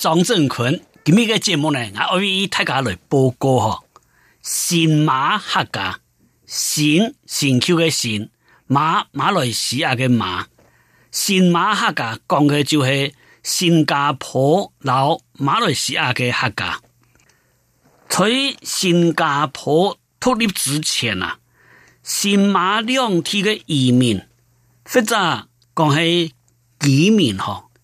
張振坤，今日嘅節目呢，我依依睇下嚟報告嗬。新馬客家新新 Q 嘅新馬，馬來西亞嘅馬。新馬客家講嘅就係新加坡老馬來西亞嘅客家。在新加坡脱離之前啊，新馬兩地嘅移民或者講係移民嗬。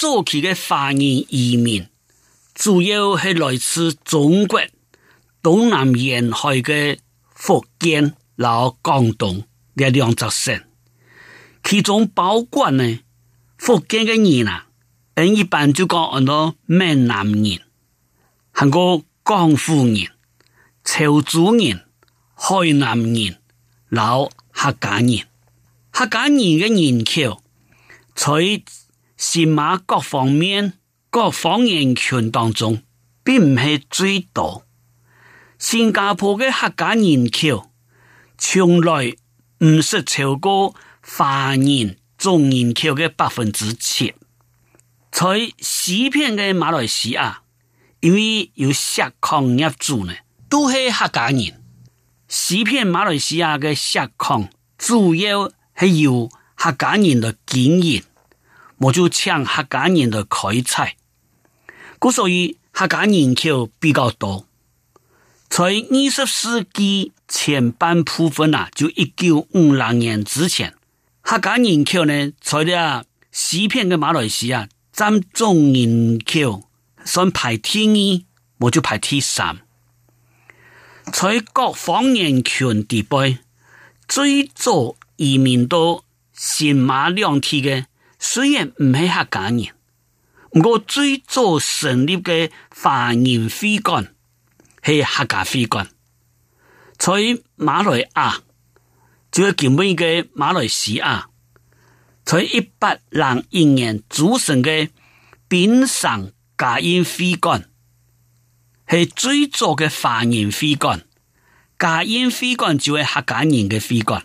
早期嘅華人移民主要係來自中國東南沿海嘅福建、和廣東呢兩個省，其中包括呢福建嘅人啊，佢一般就講係多閩南人、係個廣府人、潮州人、海南人、老客家人，客家人嘅人口在。新馬各方面各方言群當中，並唔係最多。新加坡嘅客家人口，從來唔係超過華人總人口嘅百分之七。在西片嘅馬來西亞，因為有錫礦業主呢，都係客家人。西片馬來西亞嘅錫礦，主要係由客家人嚟經營。我就搶客家人的開採，故所以客家人口比較多。在二十世紀前半部分啊，就一九五零年之前，客家人口呢，除了西片跟馬來西亞佔總人口算排第二，我就排第三。各人人在各方言群中，最早移民到新馬兩地的雖然唔係客家人，不過最早成立嘅華人會館係客家會館。在馬來亞最前面嘅馬來西亞，在一八零一年組成嘅檳城嘉應會館係最早嘅華人會館，嘉應會館就係客家人嘅會館。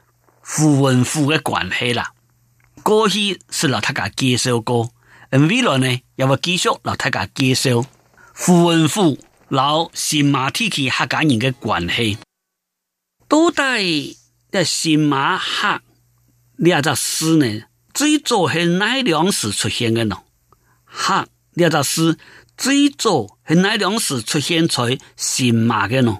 傅文富的關係啦，過去是老太家介紹過，未來呢要會繼續老太家介紹傅文富老新馬天琪客家人嘅關係。到底即新馬客廖達斯呢？最早係哪兩時出現的呢？客廖達斯最早係哪兩時出現在新馬的呢？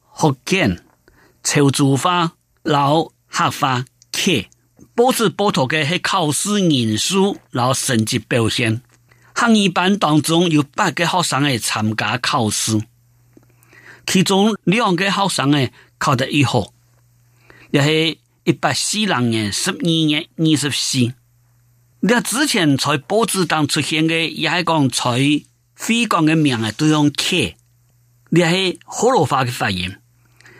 福建潮州話，然後客家話，報紙報道嘅係考試人數，然後成績表現。漢語班當中有八個學生誒參加考試，其中兩個學生誒考得一號。也是年，一八四六年十二月二十四，你之前在報紙當出現的，也係講在非講嘅名誒都用客，你係河洛話嘅發音。.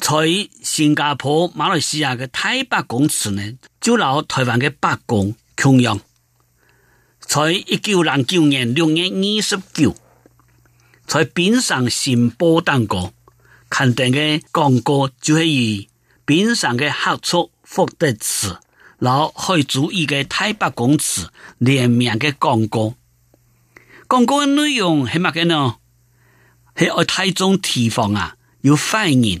在新加坡、馬來西亞嘅大伯公祠呢，就攬台灣嘅白宮窮陽，在一九零九年六月二十九，在檳城新報登過刊登嘅廣告，就係以檳城嘅好處福德祠然後海珠嶼個大伯公祠聯名嘅廣告。廣告嘅內容係乜嘅呢？喺我泰中地方啊，要反映。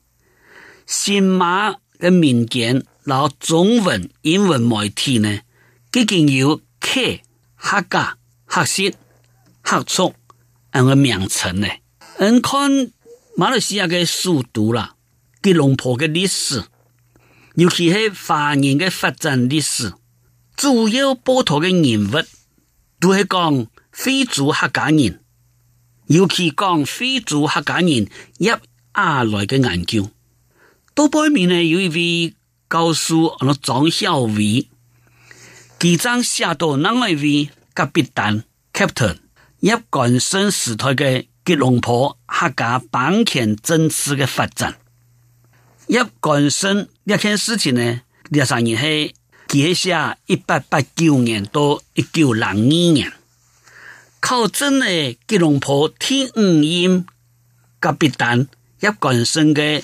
新馬的民間老中文、英文媒體呢，究竟，竟有客客家、客心客屬，兩個名稱呢？嗯，看馬來西亞的首都啦，吉隆坡的歷史，尤其是華人的發展歷史，主要報道的人物，都係講惠州客家人，尤其講惠州客家人葉亞來的研究。到背面呢有一位高叔，阿那張孝偉，即將下到另外一位甲必丹 captain，葉觀盛時代嘅吉隆坡客家版權正式嘅發展。葉觀盛一件事情呢，廿三年起，接下一八八九年到一九零一年，考證呢吉隆坡天五、嗯、音甲必丹葉觀盛嘅。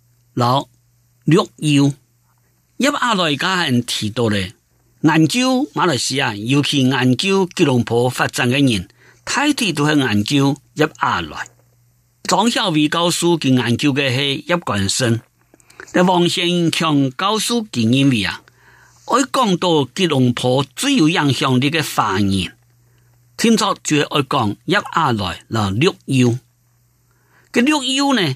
六六幺一阿來，家下人提到咧，研究馬來西亞，尤其研究吉隆坡發展嘅人，太睇都係研究一阿來。張曉偉告訴佢研究嘅係一冠生，但黃先強告訴佢認為啊，愛講到吉隆坡最有影響力嘅發言，聽說最愛講一阿來六六幺，嘅六幺呢？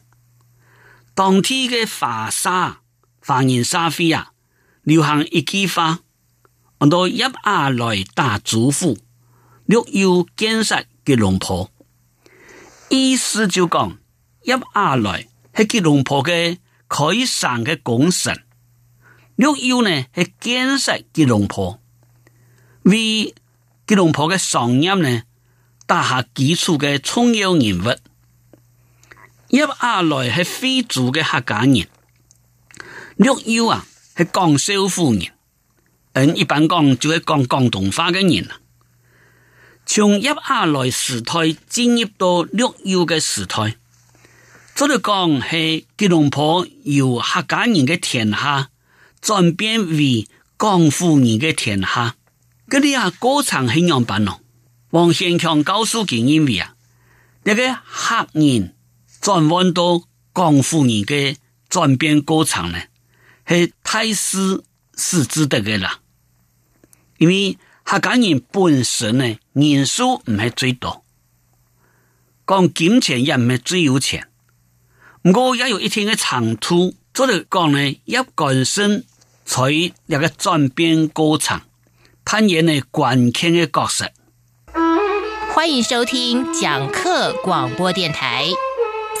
當天嘅華沙繁艷沙飛啊，流行一枝花，我、嗯、到一阿來大祖父，陸佑建設吉隆坡。意思就講一阿來係吉隆坡嘅開山嘅功臣，陸佑呢係建設吉隆坡，為吉隆坡嘅商業呢打下基礎嘅重要人物。葉亞來係非族嘅客家人，陸佑啊係廣府人，嗯，一般講就係講廣東話嘅人啦。從葉亞來時代進入到陸佑嘅時代，即係講係吉隆坡由客家人嘅天下轉變為廣府人嘅天下，嗰裏啊過程係樣板哦，黃賢強告訴佢認為啊，呢個客人。轉彎到功府人的轉變過程呢，是太師是值得的啦。因為客家人本身呢，人數唔係最多，講金錢也唔係最有錢。唔過也有一天嘅長途，做嚟講呢，要轉身在一個轉變過程，扮演呢關鍵嘅角色。歡迎收聽講客廣播電台。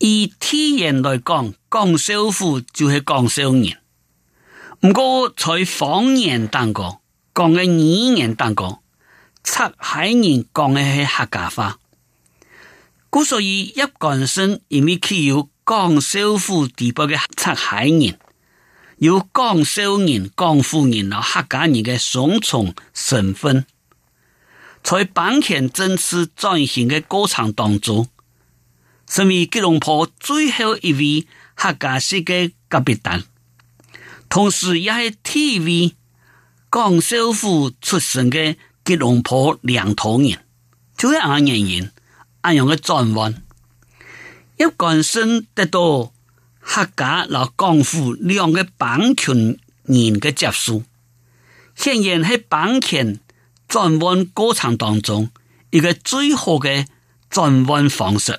以體驗來講，廣肇府就係廣肇人。唔過在方言當講，講嘅語言當講，赤溪人講嘅係客家話。故所以一講生而未缺有廣肇府代表嘅赤溪人，有廣肇人、廣府人、老客家人嘅雙重身份。在版權正式轉型嘅過程當中。成為吉隆坡最後一位客家世界甲必丹，同時也是 TV 江少夫出身的吉隆坡兩頭人，這樣嘅原因，這樣嘅轉彎，一共升得到客家老廣府兩個版權人的接受，顯然係版權轉彎過程當中一個最好嘅轉彎方式。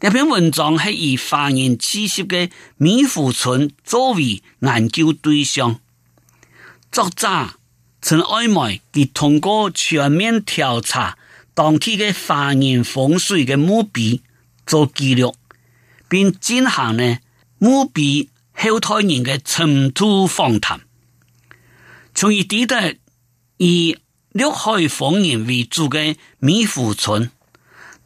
這篇文章是以華人氣息的米湖村作為研究對象，作者陳愛梅佢通過全面調查當地的華人風水的墓碑做記錄，並進行了墓碑後代人的塵土訪談，從而抵達以六海方言為主的米湖村。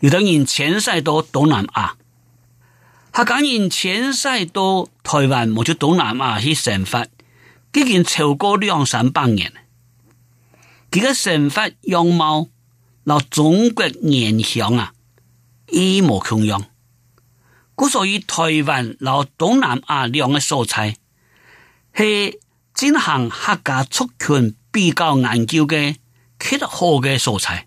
有等人前曬到東南亞，他竟然前曬到台灣或就東南亞去成法，接近超過兩三百年。幾個成法樣貌，老中國形象啊，一模一樣。故所以台灣老東南亞兩個所在，是進行客家族群比較研究的極好的素材。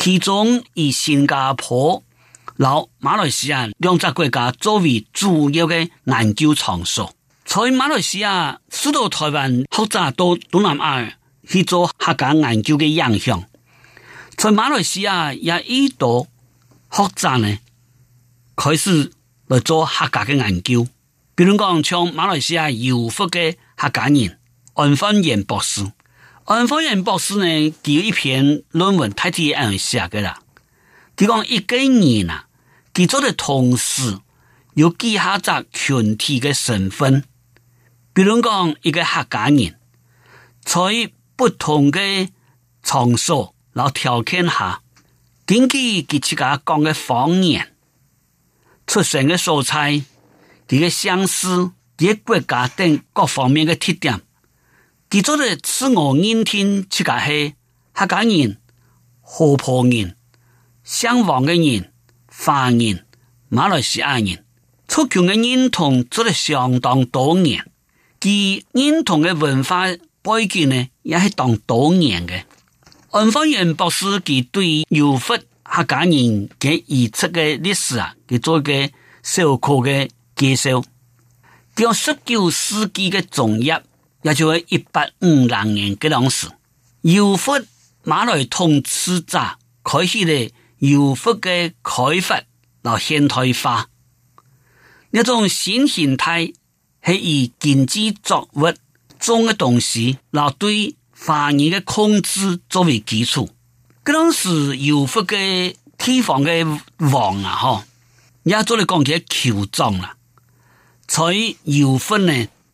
其中以新加坡、老馬來西亞兩隻國家作為主要嘅研究場所。在馬來西亞，受到台灣學者到東南亞去做客家研究嘅影響。在馬來西亞，也一度學者呢開始嚟做客家嘅研究。比如講，像馬來西亞有福嘅客家人安芬賢博士。安方元博士呢，第一篇論文標題按如下個，他供一幾年呐，他做的同時有幾下種群體嘅身份，比如講，一個客家人，在不同嘅場所，然後條件下，根據佢自家講嘅方言、出身嘅素材、佢嘅城市、佢嘅國家等各方面的特點。佢做咧斯文煙天，佢講係客家人、河婆人、相王嘅人、華人、馬來西亞人，出群的認同做了相當多年。佢認同的文化背景呢，也是當多年嘅。安方源博士佢對柔佛客家人佢以前嘅歷史啊，佢做個授課嘅介紹，講十九世紀嘅中葉。也就係一八五零年，搿種時，柔佛馬來統治者開始來柔佛嘅開發到現代化。一種新形態係以經濟作物種嘅東西，來對產業的控制作為基礎。搿種是柔佛嘅提防的網啊！哈，也做了講起酋長啦，以柔佛呢？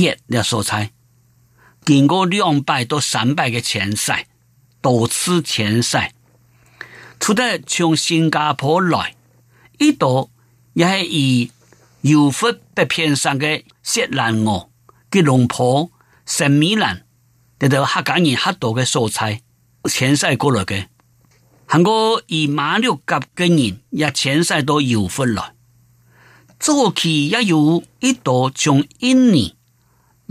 一嘅蔬菜經過兩百到三百嘅遷徙，多次遷徙，出得從新加坡來，一度也係以柔佛得偏上嘅雪蘭莪、吉隆坡、森美蘭，呢度客家人很多嘅蔬菜遷徙過來嘅，韓國以馬六甲嘅人也遷徙到柔佛來，早期也有，一道從印尼。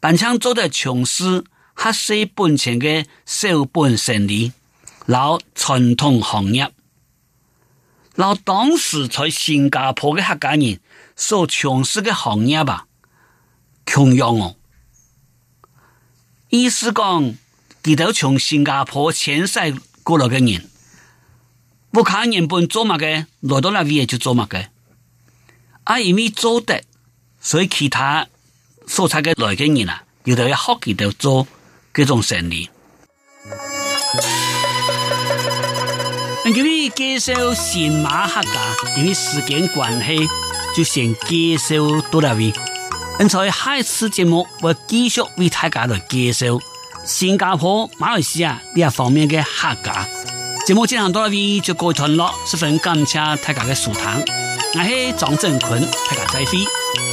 但像做的從事、細本錢嘅小本生意，老傳統行業，老當時在新加坡的客家人所從事的行業吧，窮樣哦。意思講，幾多從新加坡遷徙過來嘅人，不看原本做乜個，來到那邊就做乜個，阿因為做得，所以其他。素材嘅來源呢，要對要好奇，要做各種整理、嗯。因為介紹新馬客家，因為時間關係，就先介紹到呢度。人、嗯、才下一次節目我繼續為大家來介紹新加坡、馬來西亞呢方面嘅客家。節目進行到呢度就告一段落，十分感謝大家嘅收聽，我是張正坤，大家再會。